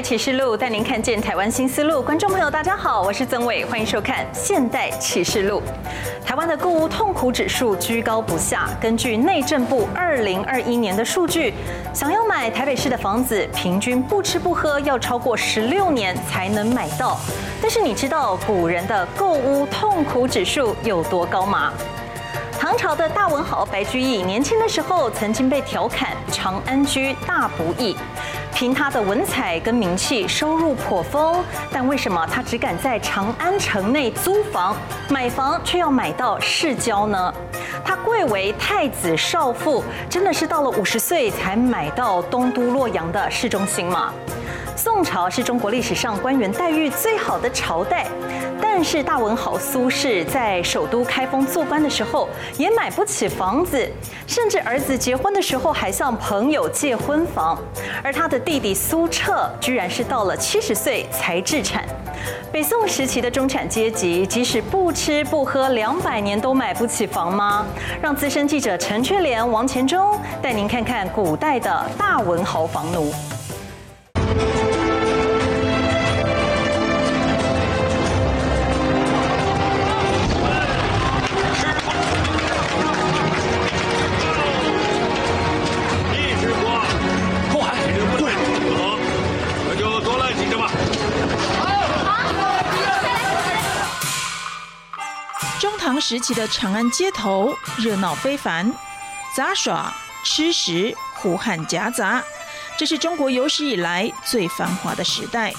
《啟示錄》帶您看見台灣新思路，觀眾朋友大家好，我是曾偉，歡迎收看《現代啟示錄》。台灣的購屋痛苦指數居高不下，根據內政部二零二一年的數據，想要買台北市的房子，平均不吃不喝要超過十六年才能買到。但是你知道古人的購屋痛苦指數有多高嗎？唐朝的大文豪白居易年輕的時候曾經被調侃“長安居大不易”，憑他的文采跟名氣，收入頗豐。但為什麼他只敢在長安城內租房、買房，卻要買到市郊呢？他貴為太子少傅，真的是到了五十歲才買到東都洛陽的市中心嗎？宋朝是中國歷史上官員待遇最好的朝代，但是大文豪蘇軾在首都開封做官的時候，也買不起房子，甚至兒子結婚的時候還向朋友借婚房。而他的弟弟蘇轍，居然是到了七十歲才置產。北宋時期的中產階級，即使不吃不喝兩百年都買不起房嗎？讓資深記者陳雀蓮、王錢忠帶您看看古代的大文豪房奴。一那就多來幾個吧。中唐時期的長安街頭熱鬧非凡，雜耍、吃食、胡漢夾雜。這是中國有史以來最繁華的時代。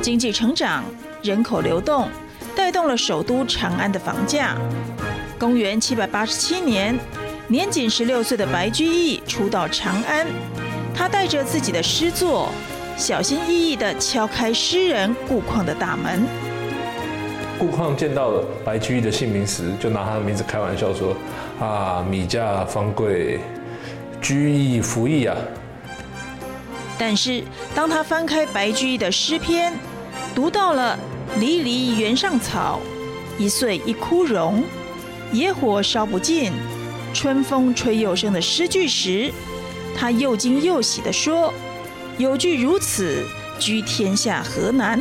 經濟成長，人口流動。帶動了首都長安的房價。公元七百八十七年，年僅十六歲的白居易初到長安，他帶着自己的詩作，小心翼翼地敲開詩人顧況的大門。顧況見到了白居易的姓名時，就拿他的名字開玩笑說：“啊，米價方貴，居亦弗易啊。”但是當他翻開白居易的詩篇，讀到了。離離原上草，一歲一枯榮。野火燒不盡，春風吹又生的詩句時，他又驚又喜地說：“有句如此，居天下何難？”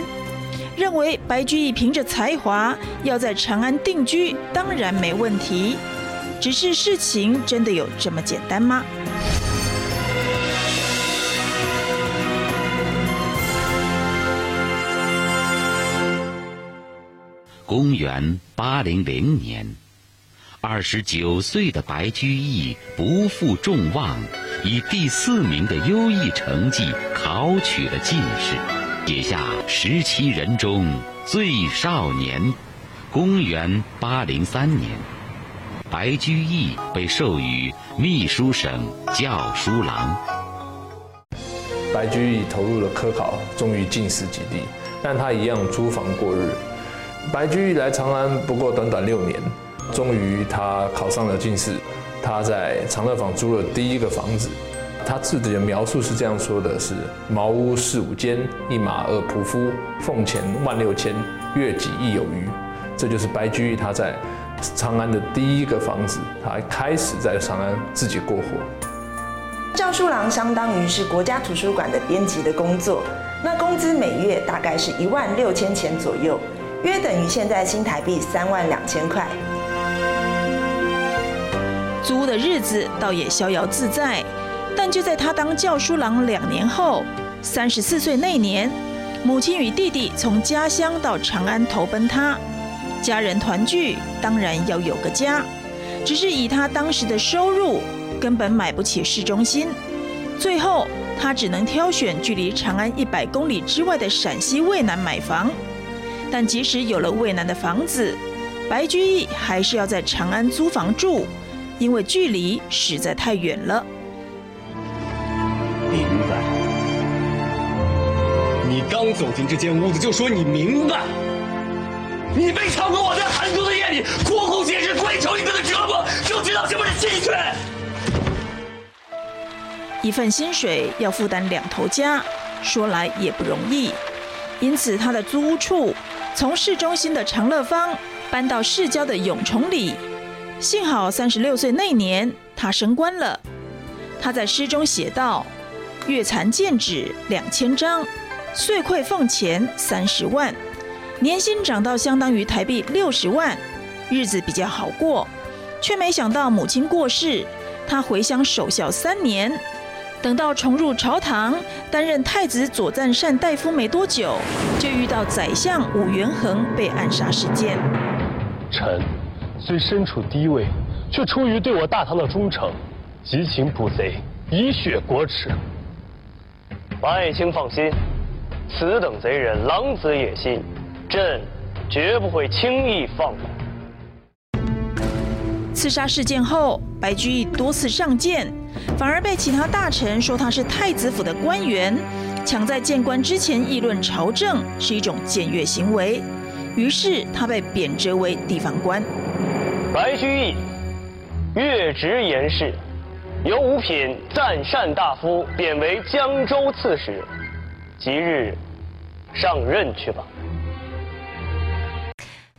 認為白居易憑着才華要在長安定居，當然沒問題。只是事情真的有這麼簡單嗎？公元八零零年，二十九歲的白居易不負眾望，以第四名的優異成績考取了進士，寫下“十七人中最少年”。公元八零三年，白居易被授予秘書省校書郎。白居易投入了科考，終於進士及第，但他一樣租房過日。白居易來長安不過短短六年，終於他考上了進士。他在長樂坊租了第一個房子，他自己的描述是這樣說的：“是茅屋四五間，一馬二僕夫，俸錢萬六千，月給亦有餘。”這就是白居易他在長安的第一個房子，他開始在長安自己過活。教書郎相當於是國家圖書館的編輯的工作，那工資每月大概是一萬六千錢左右。約等於現在新台幣三萬兩千塊。租屋的日子倒也逍遙自在，但就在他當教書郎兩年後，三十四歲那年，母親與弟弟從家鄉到長安投奔他，家人團聚當然要有個家，只是以他當時的收入，根本買不起市中心，最後他只能挑選距離長安一百公里之外的陝西渭南買房。但即使有了渭南的房子，白居易還是要在長安租房住，因為距離實在太遠了。明白？你剛走進這間屋子就說你明白？你沒嘗過我在寒冬的夜裡苦苦解釋，跪求你們的折磨，就知道什麼是心酸。一份薪水要負擔兩頭家，說來也不容易，因此他的租屋處。從市中心的長樂坊搬到市郊的永崇里，幸好三十六歲那年他升官了。他在詩中寫道：“月慚諫紙兩千張，歲愧俸錢三十萬，年薪漲到相當於台幣六十萬，日子比較好過。”卻沒想到母親過世，他回鄉守孝三年。等到重入朝堂，擔任太子左贊善大夫沒多久，就遇到宰相武元衡被暗殺事件。臣雖身處低位，卻出於對我大唐的忠誠，急請捕賊，以雪國恥。白愛卿放心，此等賊人狼子野心，朕絕不會輕易放過。刺殺事件後，白居易多次上諫。反而被其他大臣說他是太子府的官員，搶在諫官之前議論朝政，是一種僭越行為，於是他被貶謫為地方官。白居易，越職言事，由五品贊善大夫貶為江州刺史，即日上任去吧。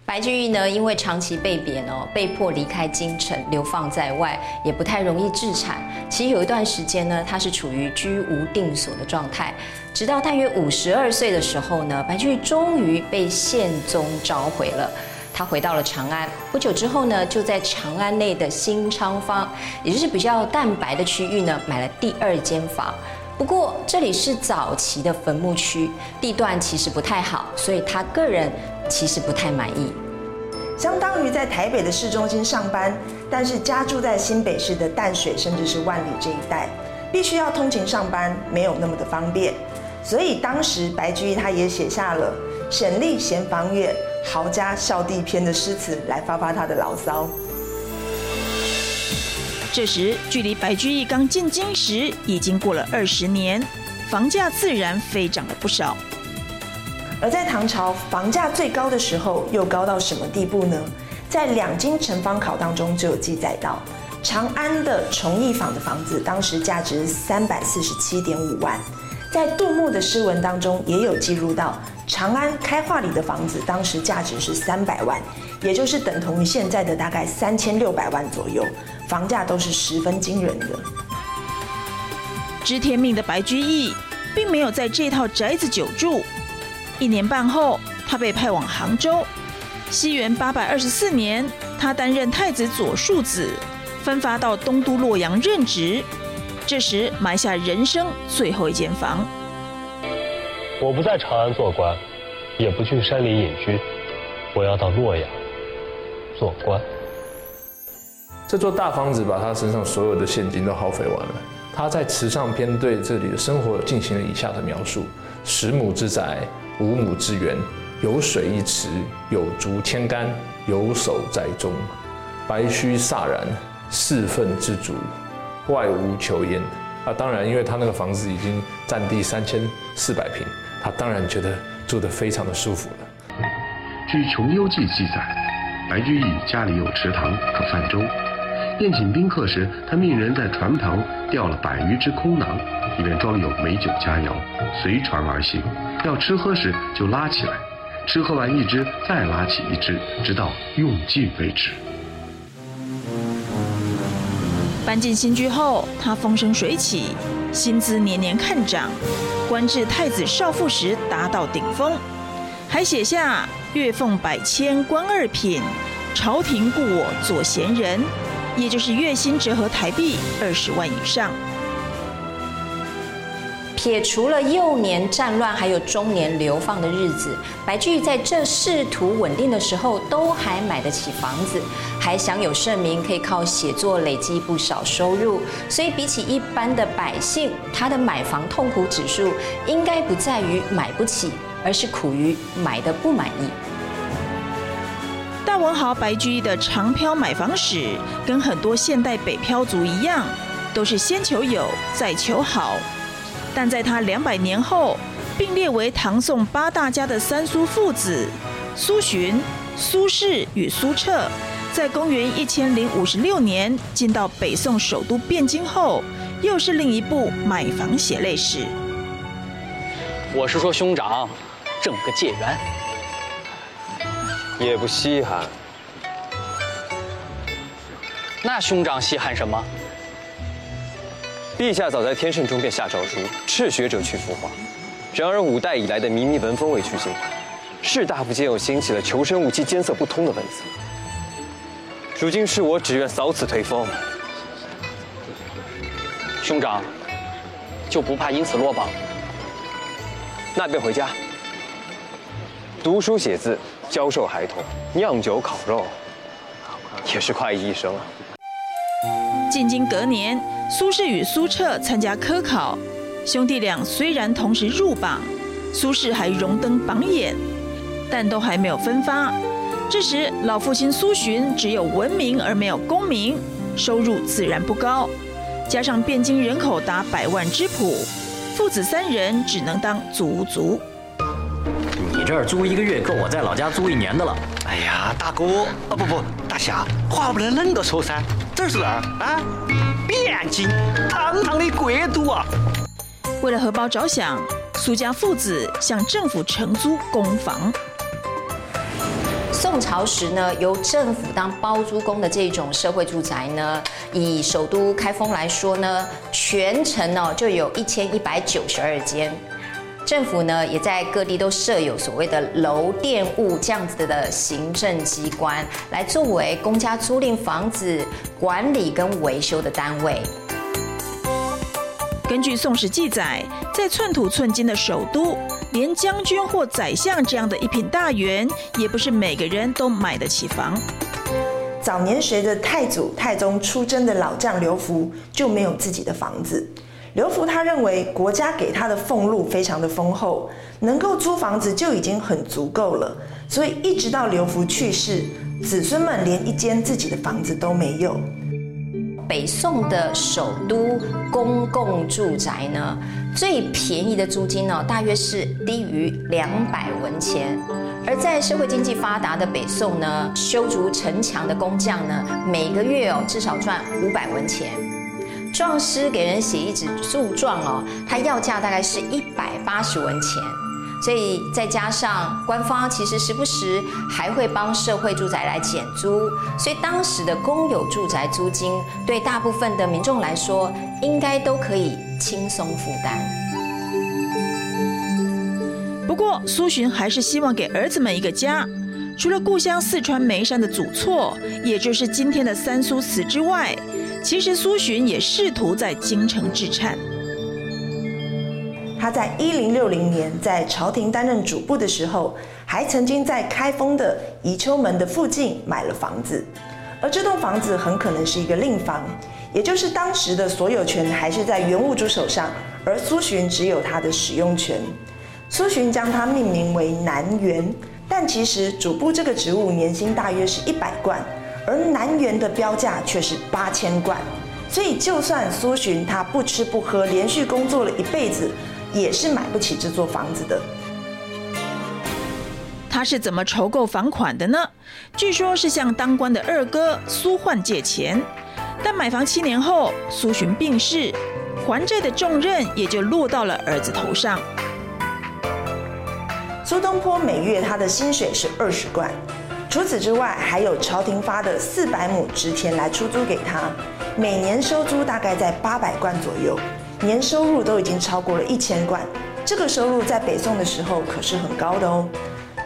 白居易呢，因為長期被貶哦，被迫離開京城，流放在外，也不太容易置產。其實有一段時間呢，他是處於居無定所的狀態，直到大約五十二歲的時候呢，白居易終於被憲宗召回了，他回到了長安。不久之後呢，就在長安內的新昌坊，也就是比較淡白的區域呢，買了第二間房。不過這裡是早期的墳墓區，地段其實不太好，所以他個人。其實不太滿意，相當於在台北的市中心上班，但是家住在新北市的淡水，甚至是萬里這一帶，必須要通勤上班，沒有那麼的方便。所以當時白居易他也寫下了“省吏嫌坊遠，豪家笑地偏”的詩詞來發發他的牢騷。這時，距離白居易剛進京時已經過了二十年，房價自然飛漲了不少。而在唐朝房價最高的時候，又高到什麼地步呢？在《兩京城坊考》當中就有記載到，長安的崇義坊的房子當時價值三百四十七點五萬。在杜牧的詩文當中也有記錄到，長安開化里的房子當時價值是三百萬，也就是等同於現在的大概三千六百萬左右，房價都是十分驚人的。知天命的白居易並沒有在這套宅子久住。一年半後，他被派往杭州。西元八百二十四年，他擔任太子左庶子，分發到東都洛陽任職。這時，買下人生最後一間房。我不在長安做官，也不去山裡隱居，我要到洛陽做官。這座大房子把他身上所有的現金都耗費完了。他在池上篇對這裡的生活進行了以下的描述：十畝之宅。五畝之園，有水一池，有竹千竿，有手在中。白鬚颯然，四分之足，外無求焉。啊，當然，因為他那個房子已經占地三千四百平，他當然覺得住得非常的舒服了。據《窮幽記》記載，白居易家裡有池塘和泛舟，宴請賓客時，他命人在船頭釣了百餘只空囊。裡面裝有美酒佳餚，隨船而行。要吃喝時就拉起來，吃喝完一支再拉起一支，直到用盡為止。搬進新居後，他風生水起，薪資年年看漲，官至太子少傅時達到頂峰，還寫下“月俸百千官二品，朝廷雇我作閒人”，也就是月薪折合台幣二十萬以上。解除了幼年戰亂，還有中年流放的日子，白居易在這仕途穩定的時候，都還買得起房子，還享有盛名，可以靠寫作累積不少收入。所以比起一般的百姓，他的買房痛苦指數應該不在於買不起，而是苦於買的不滿意。大文豪白居易的長漂買房史，跟很多現代北漂族一樣，都是先求有，再求好。但在他兩百年後，並列為唐宋八大家的三蘇父子——蘇洵、蘇軾與蘇轍，在公元一千零五十六年進到北宋首都汴京後，又是另一部買房血淚史。我是說，兄長掙個解元也不稀罕，那兄長稀罕什麼？陛下早在天聖中便下詔書，敕學者去浮華。然而五代以來的靡靡文風未去盡，士大夫皆又興起了求生務技、艱澀不通的文字。如今是我只願掃此頹風。兄長，就不怕因此落榜？那便回家讀書寫字，教授孩童，釀酒烤肉，也是快意一生啊。進京隔年，蘇軾與蘇轍參加科考，兄弟倆雖然同時入榜，蘇軾還榮登榜眼，但都還沒有分發。這時，老父親蘇洵只有文名而沒有功名，收入自然不高。加上汴京人口達百萬之譜，父子三人只能當租戶。你這兒租一個月夠，夠我在老家租一年的了。哎呀，大哥，啊、哦、不不，大俠，話不能那麼多說噻。這是哪兒啊？汴、啊、京，堂堂的國都啊！為了荷包着想，蘇家父子向政府承租公房。宋朝時呢，由政府當包租公的這種社會住宅呢，以首都開封來說呢，全城哦、喔、就有一千一百九十二間。政府呢，也在各地都設有所謂的樓店務這樣子的行政機關，來作為公家租賃房子管理跟維修的單位。根據《宋史》記載，在寸土寸金的首都，連將軍或宰相這樣的一品大員，也不是每個人都買得起房。早年隨着太祖、太宗出征的老將劉福就沒有自己的房子。劉福他認為國家給他的俸祿非常的豐厚，能夠租房子就已經很足夠了，所以一直到劉福去世，子孫們連一間自己的房子都沒有。北宋的首都公共住宅呢，最便宜的租金呢、哦，大約是低於兩百文錢，而在社會經濟發達的北宋呢，修築城牆的工匠呢，每個月哦至少賺五百文錢。狀師給人寫一紙訴狀哦，他要價大概是一百八十文錢，所以再加上官方其實時不時還會幫社會住宅來減租，所以當時的公有住宅租金對大部分的民眾來說應該都可以輕鬆負擔。不過蘇洵還是希望給兒子們一個家。除了故鄉四川眉山的祖厝，也就是今天的三蘇祠之外，其實蘇洵也試圖在京城置產。他在一零六零年在朝廷擔任主簿的時候，還曾經在開封的宜秋門的附近買了房子，而這棟房子很可能是一個賃房，也就是當時的所有權還是在原物主手上，而蘇洵只有他的使用權。蘇洵將它命名為南園。但其實主簿這個職務年薪大約是一百貫，而南園的標價卻是八千貫，所以就算蘇洵他不吃不喝，連續工作了一輩子，也是買不起這座房子的。他是怎麼籌購房款的呢？據說是向當官的二哥蘇渙借錢，但買房七年後，蘇洵病逝，還債的重任也就落到了兒子頭上。蘇東坡每月他的薪水是二十貫，除此之外，還有朝廷發的四百畝職田，來出租給他，每年收租大概在八百貫左右，年收入都已經超過了一千貫。這個收入在北宋的時候可是很高的哦。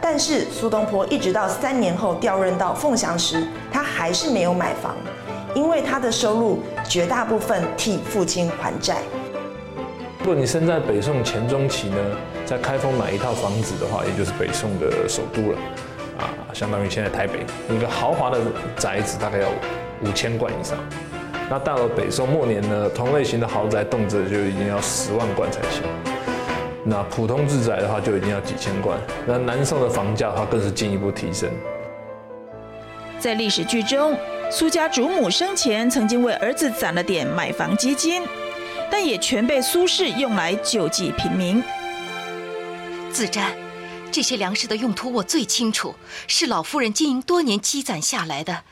但是蘇東坡一直到三年後調任到鳳翔時，他還是沒有買房，因為他的收入絕大部分替父親還債。如果你身在北宋前中期呢，在開封買一套房子的話，也就是北宋的首都了，啊，相當於現在台北一個豪華的宅子大概要五千貫以上。那到了北宋末年呢，同類型的豪宅動輒就已經要十萬貫才行。那普通住宅的話，就已經要幾千貫。那南宋的房價的話，更是進一步提升。在歷史劇中，蘇家祖母生前曾經為兒子攢了點買房基金。但也全被蘇軾用來救濟貧民。子瞻，這些糧食的用途我最清楚，是老夫人經營多年積攢下來的，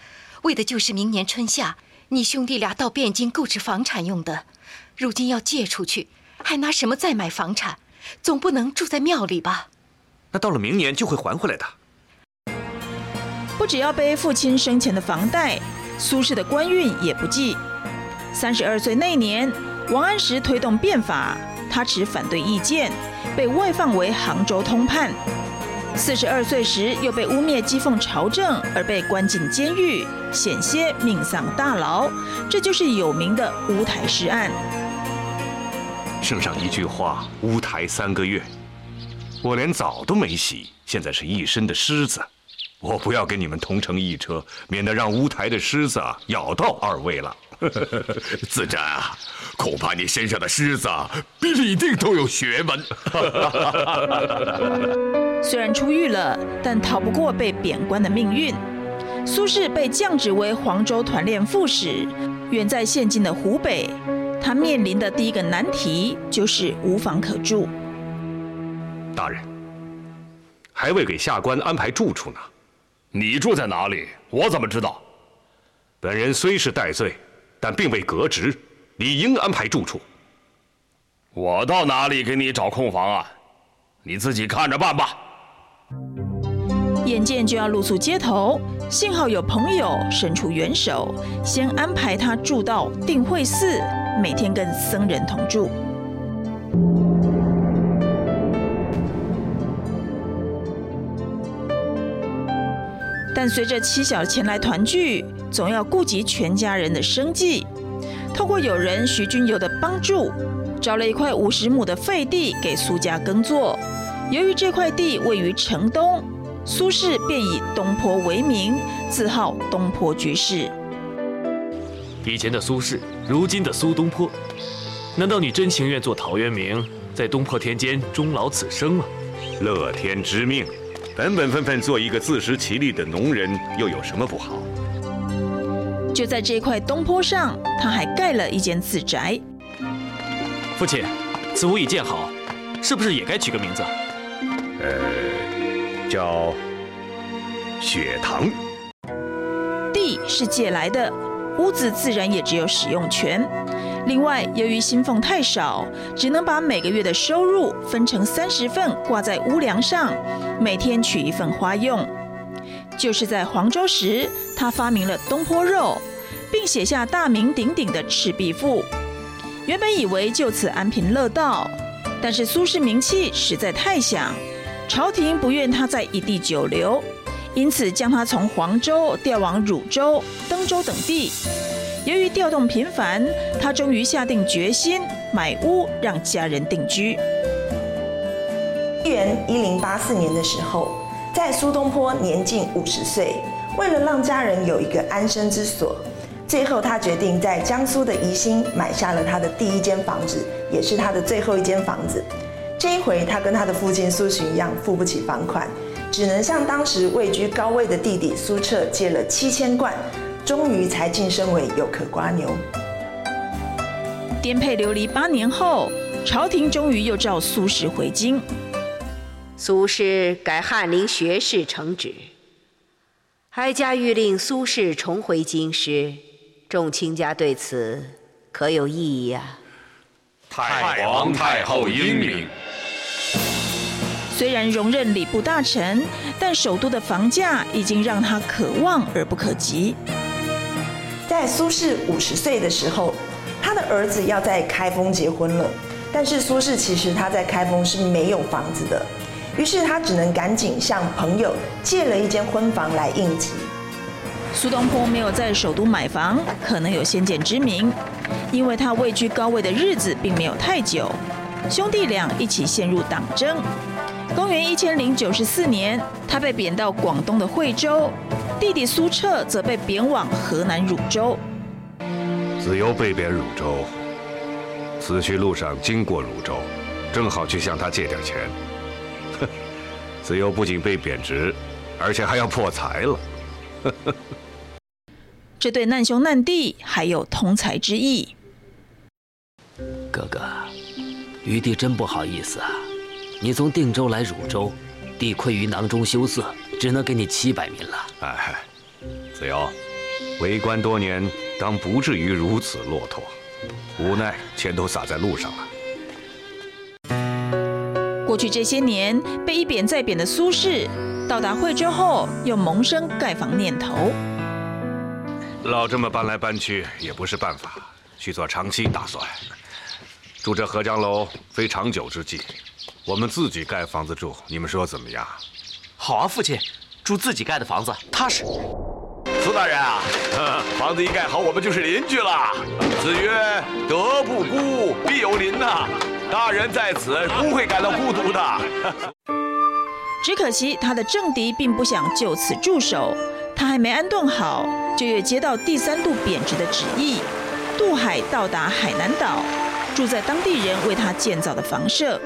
為的就是明年春夏你兄弟倆到汴京購置房產用的。如今要借出去，還拿什麼再買房產？總不能住在廟裡吧？那到了明年就會還回來的。不只要背父親生前的房貸，蘇軾的官運也不濟。三十二歲那年。王安石推動變法，他持反對意見，被外放為杭州通判。四十二歲時，又被污衊譏諷朝政，而被關進監獄，險些命喪大牢。這就是有名的烏臺詩案。聖上一句話，烏臺三個月，我連澡都沒洗，現在是一身的虱子。我不要跟你們同乘一車，免得讓烏臺的虱子咬到二位了。 子瞻啊！恐怕你身上的虱子必定都有學問。 雖然出獄了，但逃不過被貶官的命運。蘇軾被降職為黃州團練副使，遠在現今的湖北。他面臨的第一個難題就是無房可住。大人，還未給下官安排住處呢。你住在哪裡？我怎麼知道？本人雖是戴罪，但並未革職。理應安排住處。我到哪裡給你找空房啊？你自己看着辦吧。眼見就要露宿街頭，幸好有朋友伸出援手，先安排他住到定慧寺，每天跟僧人同住。但隨着妻小前來團聚，總要顧及全家人的生計。透過友人徐君猷的幫助，找了一塊五十畝的廢地給蘇家耕作。由於這塊地位於城東，蘇軾便以東坡為名，自號東坡居士。以前的蘇軾，如今的蘇東坡，難道你真情願做陶淵明，在東坡田間終老此生嗎？樂天知命，本本分分做一個自食其力的農人，又有什麼不好？就在這塊東坡上，他還蓋了一間自宅。父親，此屋已建好，是不是也該取個名字？呃，叫雪堂。地是借來的，屋子自然也只有使用權。另外，由於薪俸太少，只能把每個月的收入分成三十份掛在屋樑上，每天取一份花用。就是在黃州時，他發明了東坡肉，並寫下大名鼎鼎的《赤壁賦》。原本以為就此安貧樂道，但是蘇軾名氣實在太響，朝廷不願他在一地久留，因此將他從黃州調往汝州、登州等地。由於調動頻繁，他終於下定決心買屋讓家人定居。公元一零八四年的時候。在蘇東坡年近五十歲，為了讓家人有一個安身之所，最後他決定在江蘇的宜興買下了他的第一間房子，也是他的最後一間房子。這一回，他跟他的父親蘇洵一樣，付不起房款，只能向當時位居高位的弟弟蘇轍借了七千貫，終於才晉升為有殼蝸牛。顛沛流離八年後，朝廷終於又召蘇軾回京。蘇軾改翰林學士承旨，哀家欲令蘇軾重回京師，眾卿家對此可有異議啊？太皇太后英明。雖然榮任禮部大臣，但首都的房價已經讓他可望而不可及。在蘇軾五十歲的時候，他的兒子要在開封結婚了，但是蘇軾其實他在開封是沒有房子的。於是他只能趕緊向朋友借了一間婚房來應急。蘇東坡沒有在首都買房，可能有先見之明，因為他位居高位的日子並沒有太久。兄弟倆一起陷入黨爭。公元一千零九十四年，他被貶到廣東的惠州，弟弟蘇轍則被貶往河南汝州。子由被貶汝州，此去路上經過汝州，正好去向他借點錢。子游不僅被貶職，而且還要破財了。呵呵，這對難兄難弟還有通財之意。哥哥，余弟真不好意思啊！你從定州來汝州，弟愧於囊中羞澀，只能給你七百緡。了。哎，子由，為官多年，當不至於如此落魄，無奈錢都撒在路上了。過去這些年被一貶再貶的蘇軾，到達惠州後又萌生蓋房念頭。老這麼搬來搬去也不是辦法，去做長期打算。住這合江樓非長久之計，我們自己蓋房子，住，你們說怎麼樣？好啊，父親，住自己蓋的房子踏實。蘇大人啊，嗯，房子一蓋好，我們就是鄰居了。子曰：“德不孤，必有鄰啊”吶。大人在此不會感到孤獨的。只可惜他的政敵並不想就此住手，他還沒安頓好，就又接到第三度貶值的旨意，渡海到達海南島，住在當地人為他建造的房舍。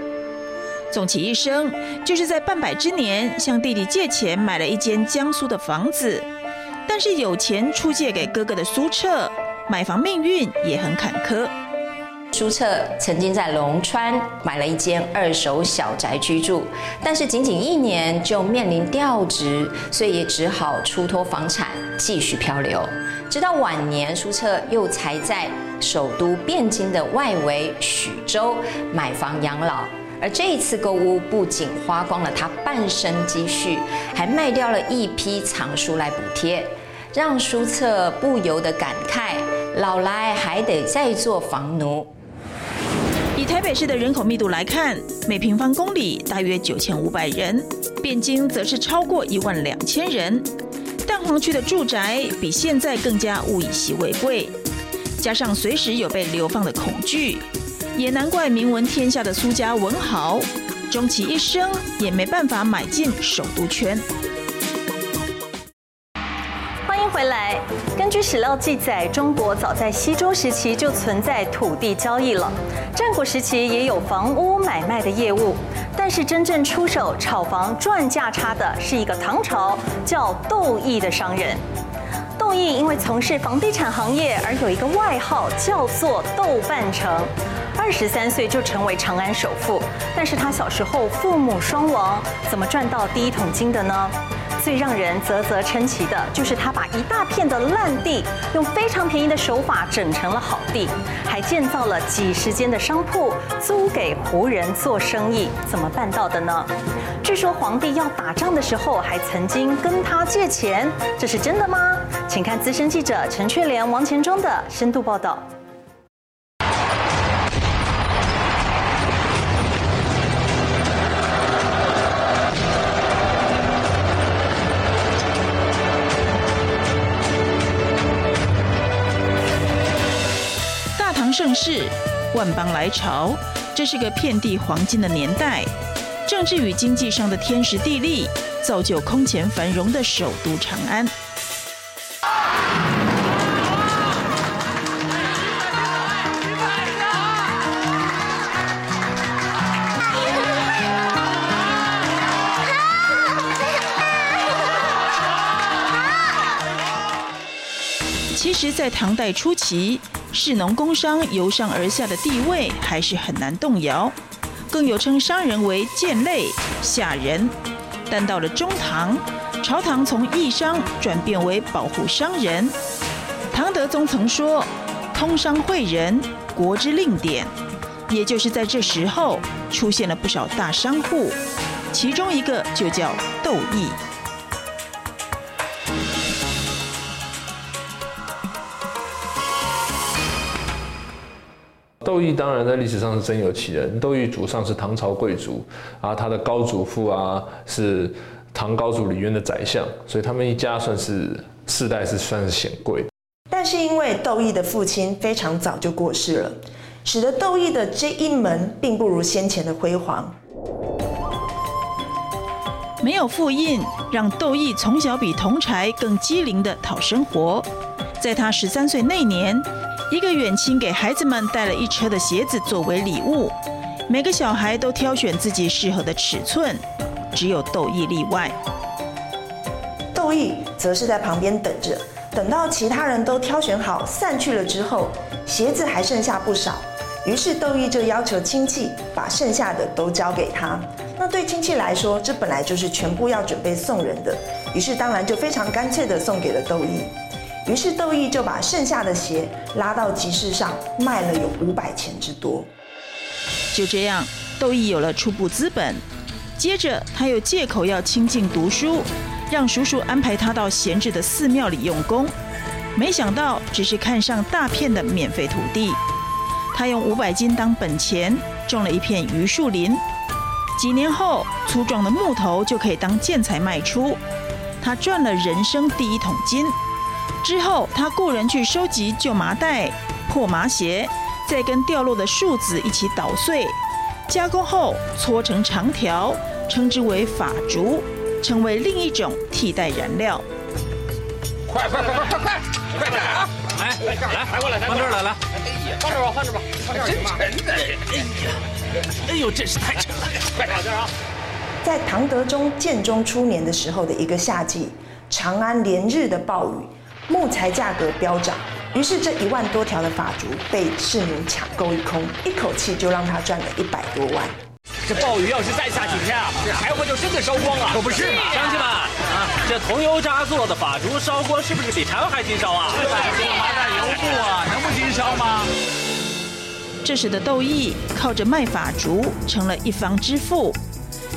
總其一生，就是在半百之年向弟弟借錢買了一間江蘇的房子，但是有錢出借給哥哥的蘇轍，買房命運也很坎坷。蘇轍曾經在龍川買了一間二手小宅居住，但是僅僅一年就面臨調職，所以也只好出脫房產繼續漂流。直到晚年，蘇轍又才在首都汴京的外圍許州買房養老。而這一次購屋不僅花光了他半生積蓄，還賣掉了一批藏書來補貼，讓蘇轍不由得感慨：老來還得再做房奴。以台北市的人口密度來看，每平方公里大約九千五百人，汴京則是超過一萬兩千人。蛋黃區的住宅比現在更加物以稀為貴，加上隨時有被流放的恐懼，也難怪名聞天下的蘇家文豪，終其一生也沒辦法買進首都圈。原來，來，根據史料記載，中國早在西周時期就存在土地交易了。戰國時期也有房屋買賣的業務，但是真正出手炒房賺價差的是一個唐朝叫竇乂的商人。竇乂因為從事房地產行業，而有一個外號叫做“竇半城”。二十三歲就成為長安首富，但是他小時候父母雙亡，怎麼賺到第一桶金的呢？最讓人嘖嘖稱奇的就是他把一大片的爛地用非常便宜的手法整成了好地，還建造了幾十間的商鋪租給胡人做生意，怎麼辦到的呢？據說皇帝要打仗的時候還曾經跟他借錢，這是真的嗎？請看資深記者陳雀蓮、王錢忠的深度報道。盛世，萬邦來朝，這是個遍地黃金的年代。政治與經濟上的天時地利，造就空前繁榮的首都長安。好，好，其實，在唐代初期。士農工商由上而下的地位還是很難動搖，更有稱商人為賤類、下人。但到了中唐，朝堂從抑商轉變為保護商人。唐德宗曾說：“通商惠人，國之令典。”也就是在這時候，出現了不少大商戶，其中一個就叫竇乂。竇乂當然在歷史上是真有其人。竇乂祖上是唐朝貴族，啊，他的高祖父啊是唐高祖李淵的宰相，所以他們一家算是世代是算是顯貴。但是因為竇乂的父親非常早就過世了，使得竇乂的這一門並不如先前的輝煌。沒有父蔭，讓竇乂從小比同儕更機靈的討生活，在他十三歲那年，一個遠親給孩子們帶了一車的鞋子作為禮物，每個小孩都挑選自己適合的尺寸，只有竇乂例外。竇乂則是在旁邊等着，等到其他人都挑選好散去了之後，鞋子還剩下不少，於是竇乂就要求親戚把剩下的都交給他。那對親戚來說，這本來就是全部要準備送人的，於是當然就非常乾脆地送給了竇乂。於是竇乂就把剩下的鞋拉到集市上賣了，有五百錢之多。就這樣，竇乂有了初步資本。接着他又借口要清靜讀書，讓叔叔安排他到閒置的寺廟裡用功。沒想到只是看上大片的免費土地，他用五百斤當本錢種了一片榆樹林。幾年後，粗壯的木頭就可以當建材賣出，他賺了人生第一桶金。之後，他雇人去收集舊麻袋、破麻鞋，再跟掉落的樹枝一起搗碎，加工後搓成長條，稱之為法竹，成為另一種替代燃料。快快快快快快點啊！來來來，拿過來，放這兒來來。哎呀，放這兒吧，放這兒吧。真沉吶！哎呀，哎呦，真是太沉了！快點啊！在唐德宗建中初年的時候的一個夏季，長安連日的暴雨。木材價格飆漲，於是這一萬多條的法燭被市民搶購一空，一口氣就讓他賺了一百多萬。這暴雨要是再下幾天啊，這柴火就真的燒光了啊。可不是嘛，鄉親們啊，這桐油渣做的法燭燒光，是不是比柴還經燒啊？這個麻袋油布啊，能不經燒嗎？這時的竇乂靠着賣法燭成了一方之富，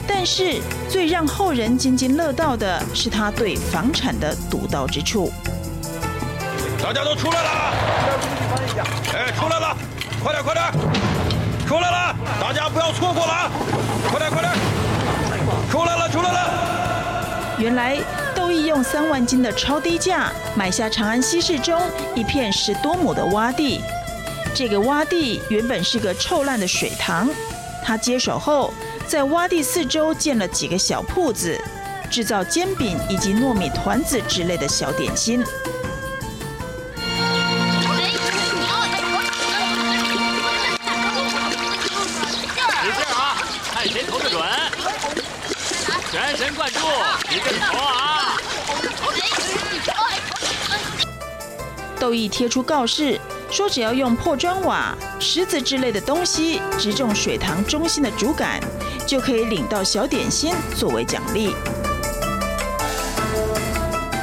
但是最讓後人津津樂道的是他對房產的獨到之處。大家都出來了啊！哎，出來了，快點快點，出來了！大家不要錯過了啊！快點快點，出來了出來了！原來竇乂用三萬斤的超低價買下長安西市中一片十多畝的窪地。這個窪地原本是個臭爛的水塘，他接手後，在窪地四周建了幾個小鋪子，製造煎餅以及糯米團子之類的小點心。竇乂貼出告示，說只要用破磚瓦、石子之類的東西，直中水塘中心的竹竿，就可以領到小點心作為獎勵。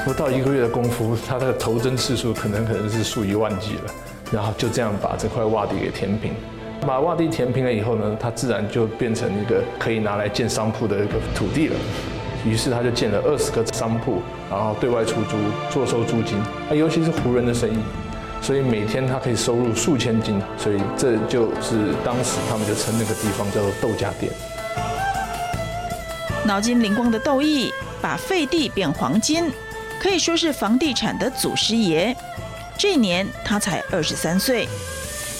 不到一個月的功夫，他的投針次數可能可能是數以萬計了。然後就這樣把這塊窪地給填平，把窪地填平了以後呢，他自然就變成一個可以拿來建商鋪的一個土地了。於是他就建了二十個商鋪。然後對外出租，坐收租金。尤其是胡人的生意，所以每天他可以收入數千金。所以這就是當時他們就稱那個地方叫做竇家店。腦筋靈光的竇乂把廢地變黃金，可以說是房地產的祖師爺。這一年他才二十三歲。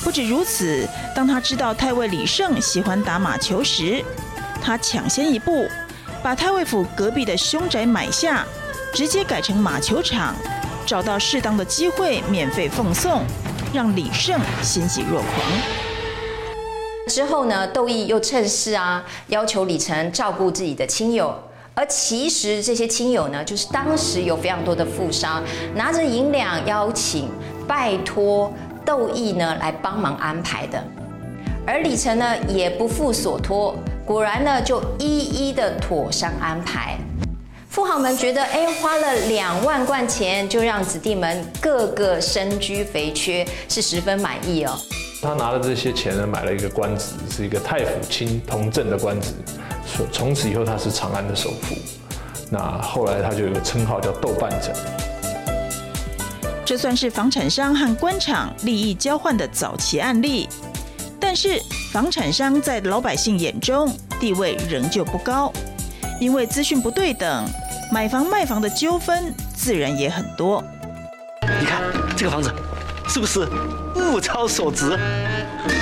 不止如此，當他知道太尉李晟喜歡打馬球時，他搶先一步把太尉府隔壁的凶宅買下。直接改成馬球場，找到適當的機會免費奉送，讓李勝欣喜若狂。之後呢，竇乂又趁勢啊，要求李晨照顧自己的親友。而其實這些親友呢，就是當時有非常多的富商拿着銀兩邀請，拜托竇乂呢來幫忙安排的。而李晨呢也不負所托，果然呢就一一的妥善安排。富豪們覺得，哎，花了兩萬貫錢就讓子弟們個個身居肥缺，是十分滿意哦。他拿了這些錢呢，買了一個官職，是一個太府卿同正的官職。從此以後他是長安的首富。那後來他就有個稱號叫竇半城。這算是房產商和官場利益交換的早期案例。但是房產商在老百姓眼中地位仍舊不高，因為資訊不對等。買房賣房的糾紛自然也很多。你看這個房子，是不是物超所值？嗯、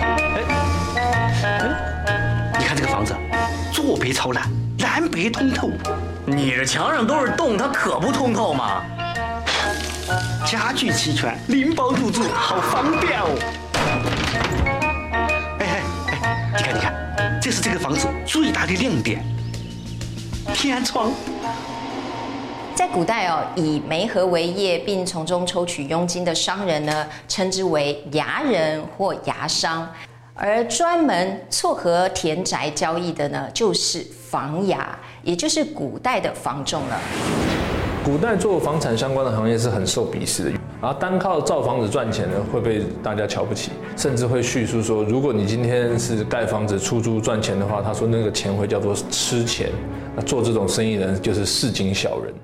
哎，哎、嗯，你看這個房子，坐北朝南，南北通透。你這牆上都是洞，它可不通透嗎？家具齊全，拎包入住，好方便哦。嗯是這個房子最大的亮點——天窗。在古代哦，以媒合為業並從中抽取佣金的商人呢，稱之為牙人或牙商；而專門撮合田宅交易的呢，就是房牙，也就是古代的房仲了。古代做房產相關的行業是很受鄙視的。而單靠造房子賺錢呢，會被大家瞧不起，甚至會敘述說：如果你今天是蓋房子出租賺錢的話，他說那個錢會叫做吃錢。那做這種生意人就是市井小人。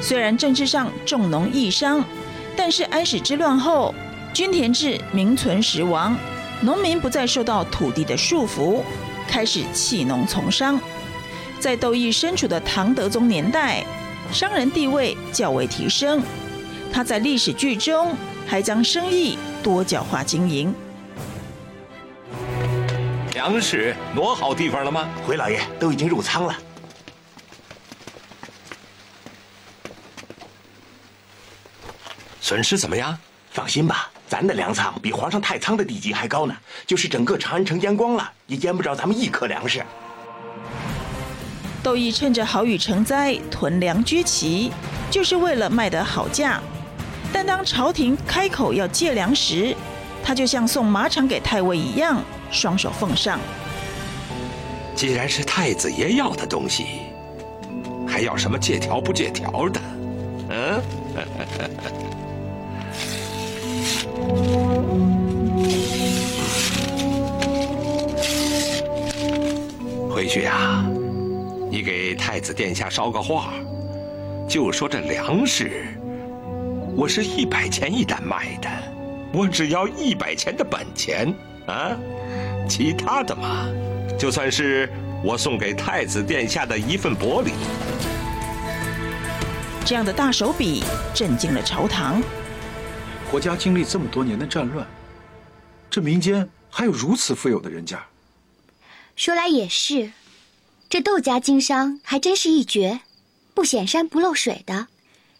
雖然政治上重農抑商，但是安史之亂後，均田制名存實亡，農民不再受到土地的束縛，開始棄農從商。在竇乂身處的唐德宗年代，商人地位較為提升。他在歷史劇中還將生意多角化經營。糧食挪好地方了嗎？回老爺，都已經入倉了。損失怎麼樣？放心吧，咱的糧倉比皇上太倉的地基還高呢。就是整個長安城淹光了，也淹不着咱們一顆糧食。竇乂趁着好雨成災，囤糧居奇，就是為了賣得好價。但當朝廷開口要借糧食，他就像送馬場給太尉一樣，雙手奉上。既然是太子爺要的東西，還要什麼借條不借條的？嗯？ 回去呀、啊，你給太子殿下捎個話，就說這糧食。我是一百錢一擔賣的，我只要一百錢的本錢，啊，其他的嘛，就算是我送給太子殿下的一份薄禮。這樣的大手筆震驚了朝堂。國家經歷這麼多年的戰亂，這民間還有如此富有的人家。說來也是，這竇家經商還真是一絕，不顯山不露水的，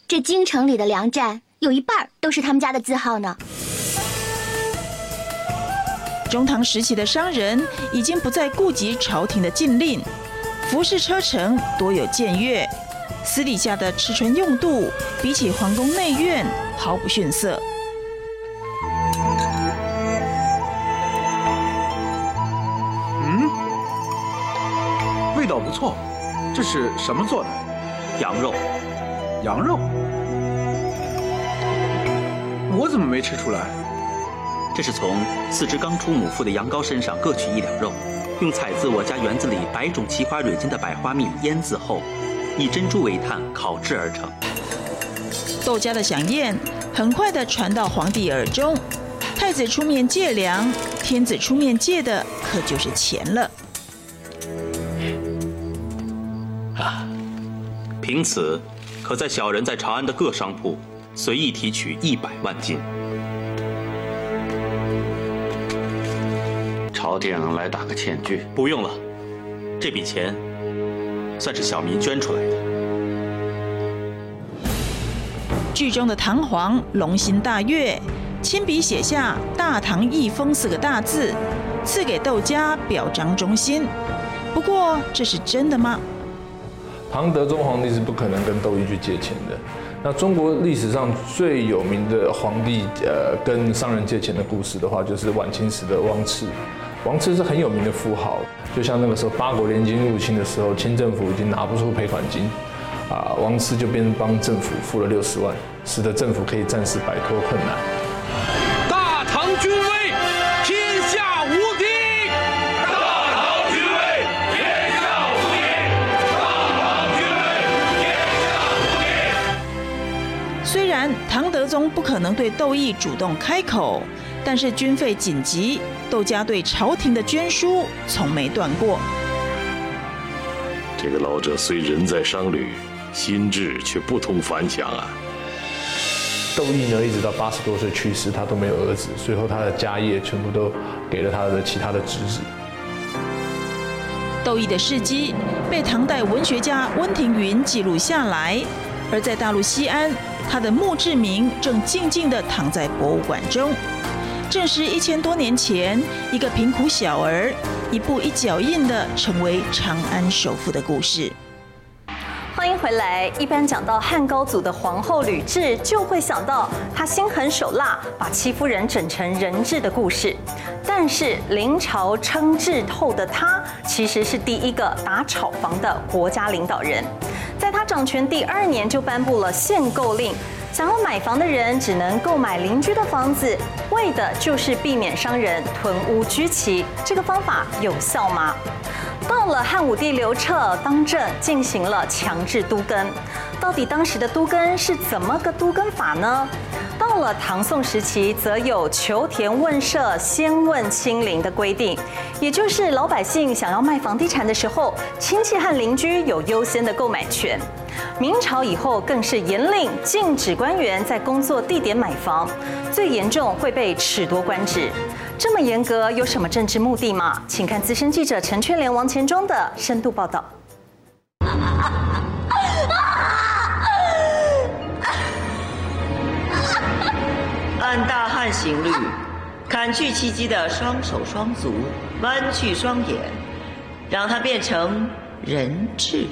這京城裡的糧站。有一半都是他們家的字號呢？中唐時期的商人已經不再顧及朝廷的禁令，服飾車乘多有僭越，私底下的吃穿用度比起皇宮內院毫不遜色。嗯，味道不錯，這是什麼做的？羊肉，羊肉。我怎麼沒吃出來？這是從四隻剛出母腹的羊羔身上各取一兩肉，用採自我家園子裡百種奇花蕊莖的百花蜜醃製後，以珍珠為炭烤製而成。竇家的饗宴很快的傳到皇帝耳中，太子出面借糧，天子出面借的可就是錢了。啊！憑此，可在小人在長安的各商鋪。隨意提取一百萬金，朝廷來打個欠據。不用了，這筆錢算是小民捐出來的。劇中的唐皇龍心大悅，親筆寫下“大唐義封”四個大字，賜給竇家表彰忠心。不過，這是真的嗎？唐德宗皇帝是不可能跟竇乂去借錢的。那中國歷史上最有名的皇帝，呃，跟商人借錢的故事的話，就是晚清時的王熾。王熾是很有名的富豪，就像那個時候八國聯軍入侵的時候，清政府已經拿不出賠款金，啊，王熾就便幫政府付了六十萬，使得政府可以暫時擺脫困難。唐德宗不可能對竇乂主動開口，但是軍費緊急，竇家對朝廷的捐輸從沒斷過。這個老者雖人在商旅，心智卻不同凡響啊！竇乂呢，一直到八十多歲去世，他都沒有兒子，最後他的家業全部都給了他的其他的侄子。竇乂的事蹟被唐代文學家溫庭筠記錄下來，而在大陸西安。他的墓誌銘正靜靜的躺在博物館中，正是一千多年前一個貧苦小兒一步一腳印的成為長安首富的故事。歡迎回來。一般講到漢高祖的皇后呂雉，就會想到她心狠手辣，把戚夫人整成人彘的故事。但是臨朝稱制後的她，其實是第一個打炒房的國家領導人。掌權第二年就頒布了限購令，想要買房的人只能購買鄰居的房子，為的就是避免商人囤屋居奇。這個方法有效嗎？到了漢武帝劉徹當政，進行了強制都更。到底當時的都更是怎麼個都更法呢？到了唐宋時期，則有“求田問舍，先問親鄰”的規定，也就是老百姓想要賣房地產的時候，親戚和鄰居有優先的購買權。明朝以後更是嚴令禁止官員在工作地點買房，最嚴重會被褫奪官職。這麼嚴格有什麼政治目的嗎？請看資深記者陳卻蓮、王前忠的深度報道。啊按大漢刑律，砍去戚姬的雙手雙足，剜去雙眼，讓她變成人彘。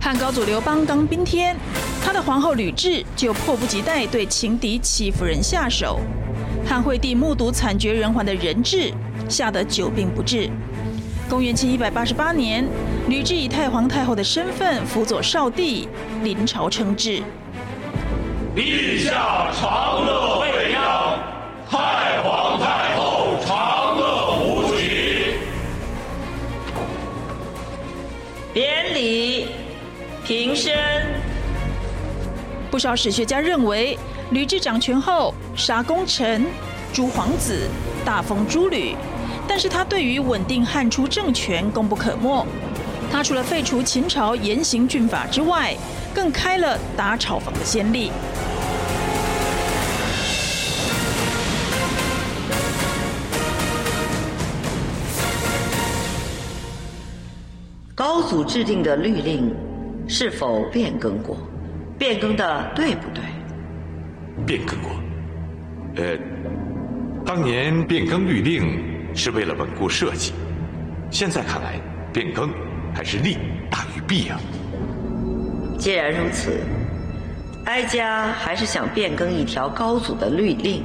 漢高祖劉邦當賓天，他的皇后呂雉就迫不及待對情敵戚夫人下手。漢惠帝目睹慘絕人寰的人彘，嚇得久病不治。公元前一百八十八年，呂雉以太皇太後的身份輔佐少帝，臨朝稱制。陛下長樂未央，太皇太后長樂無極。典禮，平身。不少史學家認為，呂雉掌權後殺功臣、誅皇子、大封諸呂，但是她對於穩定漢初政權功不可沒。她除了廢除秦朝嚴刑峻法之外，更開了打炒房的先例。高祖制定的律令，是否變更過？變更的對不對？變更過。呃，當年變更律令是為了穩固社稷，現在看來，變更還是利大於弊啊。既然如此，哀家還是想變更一條高祖的律令。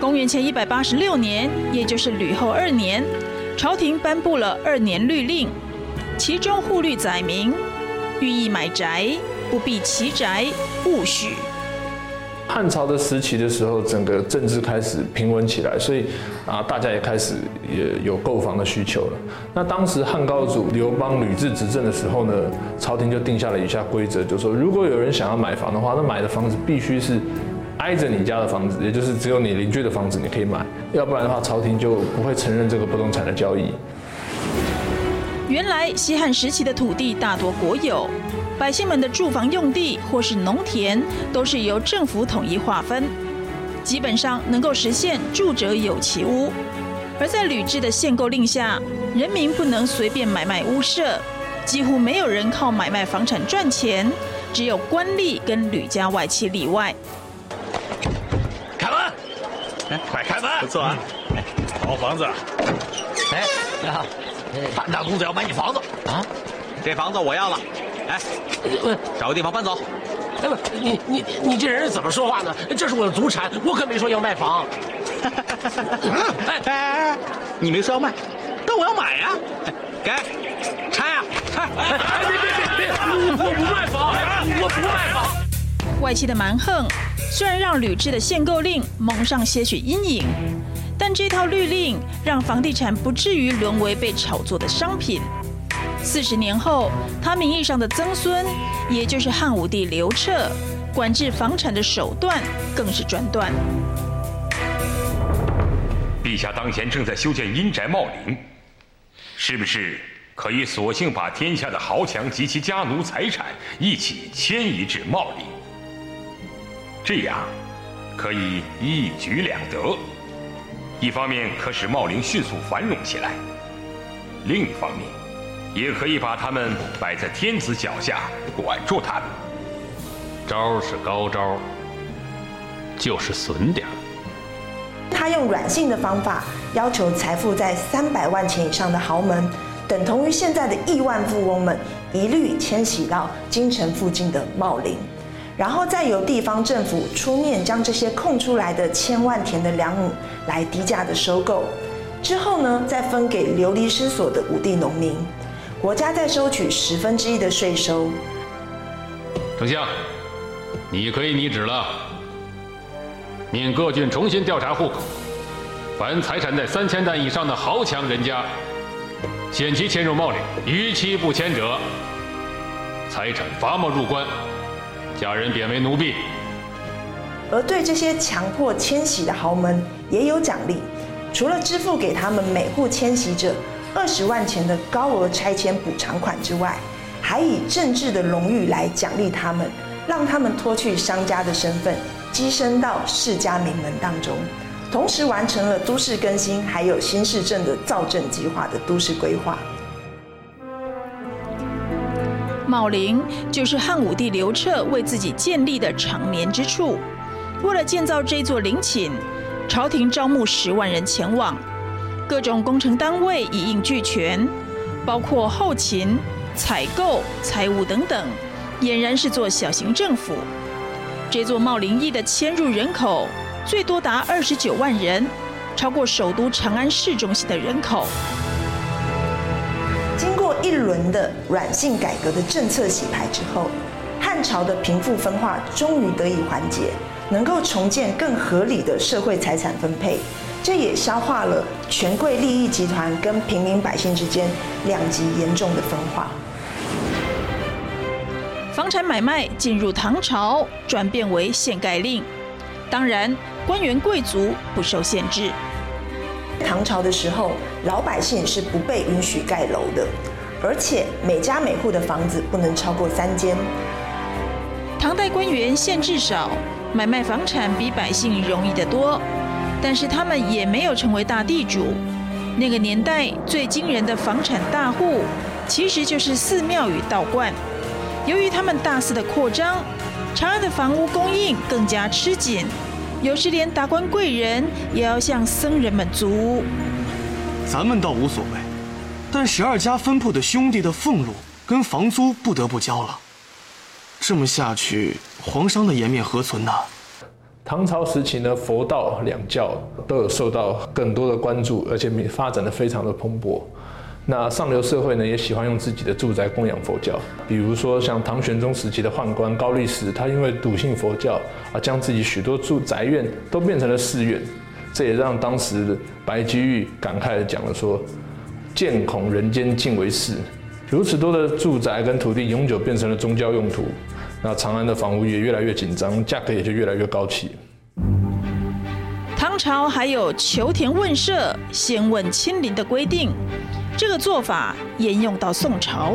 公元前一百八十六年，也就是呂後二年。朝廷頒布了二年律令，其中戶律載明，欲益買宅不比其宅，勿許。漢朝的時期的時候，整個政治開始平穩起來，所以啊，大家也開始也有購房的需求了。那當時漢高祖劉邦呂雉執政的時候呢，朝廷就定下了以下規則，就說如果有人想要買房的話，那買的房子必須是。挨着你家的房子，也就是只有你鄰居的房子，你可以買。要不然的話，朝廷就不會承認這個不動產的交易。原來西漢時期的土地大多國有，百姓們的住房用地或是農田都是由政府統一劃分，基本上能夠實現住者有其屋。而在呂雉的限購令下，人民不能隨便買賣屋舍，幾乎沒有人靠買賣房產賺錢，只有官吏跟呂家外戚例外。快開門！不錯啊，好房子。哎，你好。哎呀，范大公子，要買你房子啊？這房子我要了。哎，找個地方搬走。哎不，你你你這人怎麼說話呢？這是我的祖產，我可沒說要賣房。哎，哎哎，你沒說要賣，但我要買、啊、呀。給，拆啊拆！哎別別別！我不賣房，我不賣房。外戚的蠻橫雖然讓呂雉的限購令蒙上些許陰影，但這套律令讓房地產不至於淪為被炒作的商品。四十年後，他名義上的曾孫，也就是漢武帝劉徹，管制房產的手段更是專斷。陛下當前正在修建陰宅茂陵，是不是可以索性把天下的豪強及其家奴財產一起遷移至茂陵？這樣可以一舉兩得，一方面可使茂陵迅速繁榮起來，另一方面也可以把他們擺在天子腳下，管住他們。招是高招，就是損點。他用軟性的方法要求財富在三百萬錢以上的豪門，等同於現在的億萬富翁們，一律遷徙到京城附近的茂陵。然後再由地方政府出面，將這些空出來的千萬田的糧畝來低價的收購，之後呢，再分給流離失所的無地農民，國家再收取十分之一的稅收。丞相，你可以擬旨了。命各郡重新調查戶口，凡財產在三千擔以上的豪強人家，限期遷入茂陵，逾期不遷者，財產罰沒入官。家人貶為奴婢。而對這些強迫遷徙的豪門也有獎勵，除了支付給他們每戶遷徙者二十萬錢的高額拆遷補償款之外，還以政治的榮譽來獎勵他們，讓他們脫去商家的身份，躋身到世家名門當中，同時完成了都市更新，還有新市鎮的造鎮計劃的都市規劃。茂陵就是漢武帝劉徹為自己建立的長眠之處。為了建造這座陵寢，朝廷招募十萬人前往，各種工程單位一應俱全，包括後勤、採購、財務等等，儼然是座小型政府。這座茂陵邑的遷入人口最多達二十九萬人，超過首都長安市中心的人口。經過一輪的軟性改革的政策洗牌之後，漢朝的貧富分化終於得以緩解，能夠重建更合理的社會財產分配，這也消化了權貴利益集團跟平民百姓之間兩極嚴重的分化。房產買賣進入唐朝，轉變為限蓋令，當然官員貴族不受限制。唐朝的時候，老百姓是不被允許蓋樓的，而且每家每戶的房子不能超過三間。唐代官員限制少，買賣房產比百姓容易得多，但是他們也沒有成為大地主。那個年代最驚人的房產大戶，其實就是寺廟與道觀。由於他們大肆的擴張，長安的房屋供應更加吃緊。有時連達官貴人也要向僧人們租。咱們倒無所謂，但十二家分鋪的兄弟的俸祿跟房租不得不交了。這麼下去，皇商的顏面何存呢？唐朝時期呢，佛道兩教都有受到更多的關注，而且發展的非常的蓬勃。那上流社會呢，也喜歡用自己的住宅供養佛教，比如說像唐玄宗時期的宦官高力士，他因為篤信佛教而將自己許多住宅院都變成了寺院，這也讓當時白居易感慨地講了說：“漸恐人間盡為寺。”如此多的住宅跟土地永久變成了宗教用途，那長安的房屋也越來越緊張，價格也就越來越高起。唐朝還有求田問舍，先問親鄰的規定。這個做法沿用到宋朝，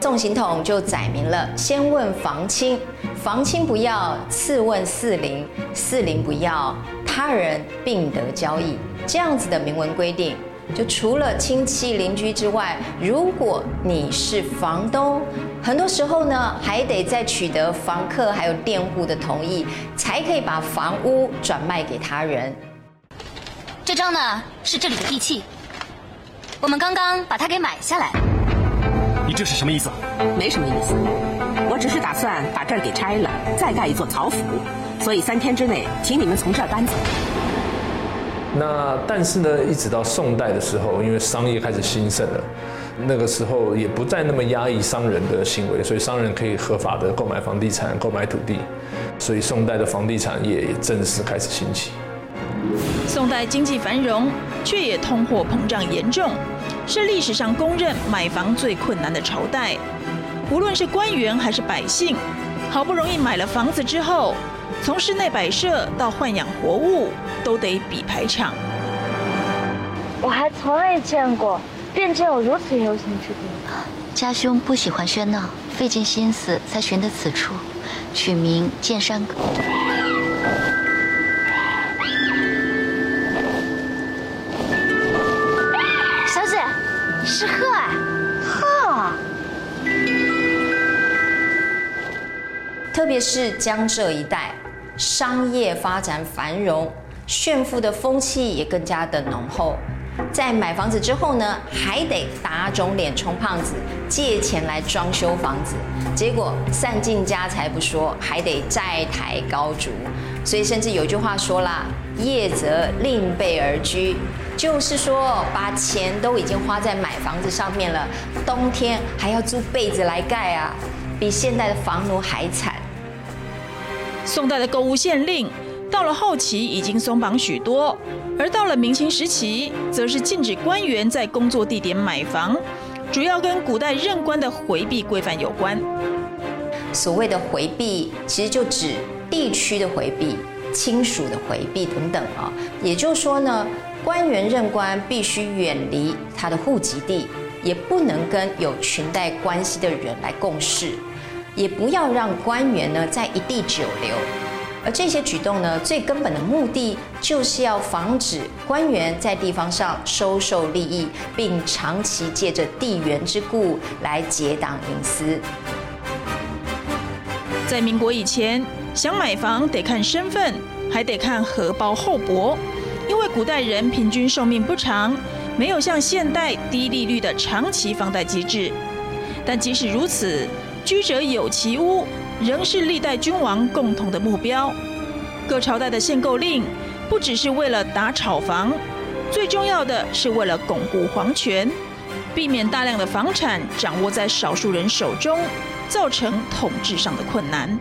宋刑統就載明了：先問房親，房親不要；次問四鄰，四鄰不要；他人並得交易。這樣子的明文規定，就除了親戚鄰居之外，如果你是房東，很多時候呢，還得再取得房客還有佃戶的同意，才可以把房屋轉賣給他人。這張呢，是這裡的地契。我們剛剛把它給買下來，你這是什麼意思啊？沒什麼意思，我只是打算把這兒給拆了，再蓋一座曹府，所以三天之內，請你們從這兒搬走。那但是呢，一直到宋代的時候，因為商業開始興盛了，那個時候也不再那麼壓抑商人的行為，所以商人可以合法的購買房地產、購買土地，所以宋代的房地產業也正式開始興起。宋代經濟繁榮，卻也通貨膨脹嚴重，是歷史上公認買房最困難的朝代。無論是官員還是百姓，好不容易買了房子之後，從室內擺設到豢養活物，都得比排場。我還從未見過汴京有如此悠閒之地。家兄不喜歡喧鬧，費盡心思才尋得此處，取名劍山閣。特別是江浙一帶，商業發展繁榮，炫富的風氣也更加的濃厚。在買房子之後呢，還得打腫臉充胖子，借錢來裝修房子，結果散盡家財不說，還得債臺高築。所以甚至有句話說啦：“夜則另被而居”，就是說把錢都已經花在買房子上面了，冬天還要租被子來蓋啊，比現代的房奴還慘。宋代的購屋限令，到了後期已經鬆綁許多，而到了明清時期，則是禁止官員在工作地點買房，主要跟古代任官的回避規範有關。所謂的回避，其實就指地區的回避、親屬的回避等等啊。也就是說呢，官員任官必須遠離他的戶籍地，也不能跟有裙帶關係的人來共事。也不要讓官員呢在一地久留，而這些舉動呢，最根本的目的就是要防止官員在地方上收受利益，並長期借着地緣之故來結黨營私。在民國以前，想買房得看身份，還得看荷包厚薄，因為古代人平均壽命不長，沒有像現代低利率的長期房貸機制。但即使如此。居者有其屋，仍是歷代君王共同的目標。各朝代的限購令，不只是為了打炒房，最重要的是為了鞏固皇權，避免大量的房產掌握在少數人手中，造成統治上的困難。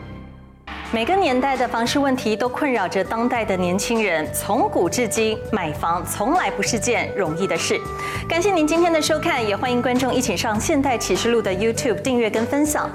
每個年代的房市問題都困擾着當代的年輕人。從古至今，買房從來不是件容易的事。感謝您今天的收看，也歡迎觀眾一起上《現代啟示錄》的 YouTube 訂閱跟分享。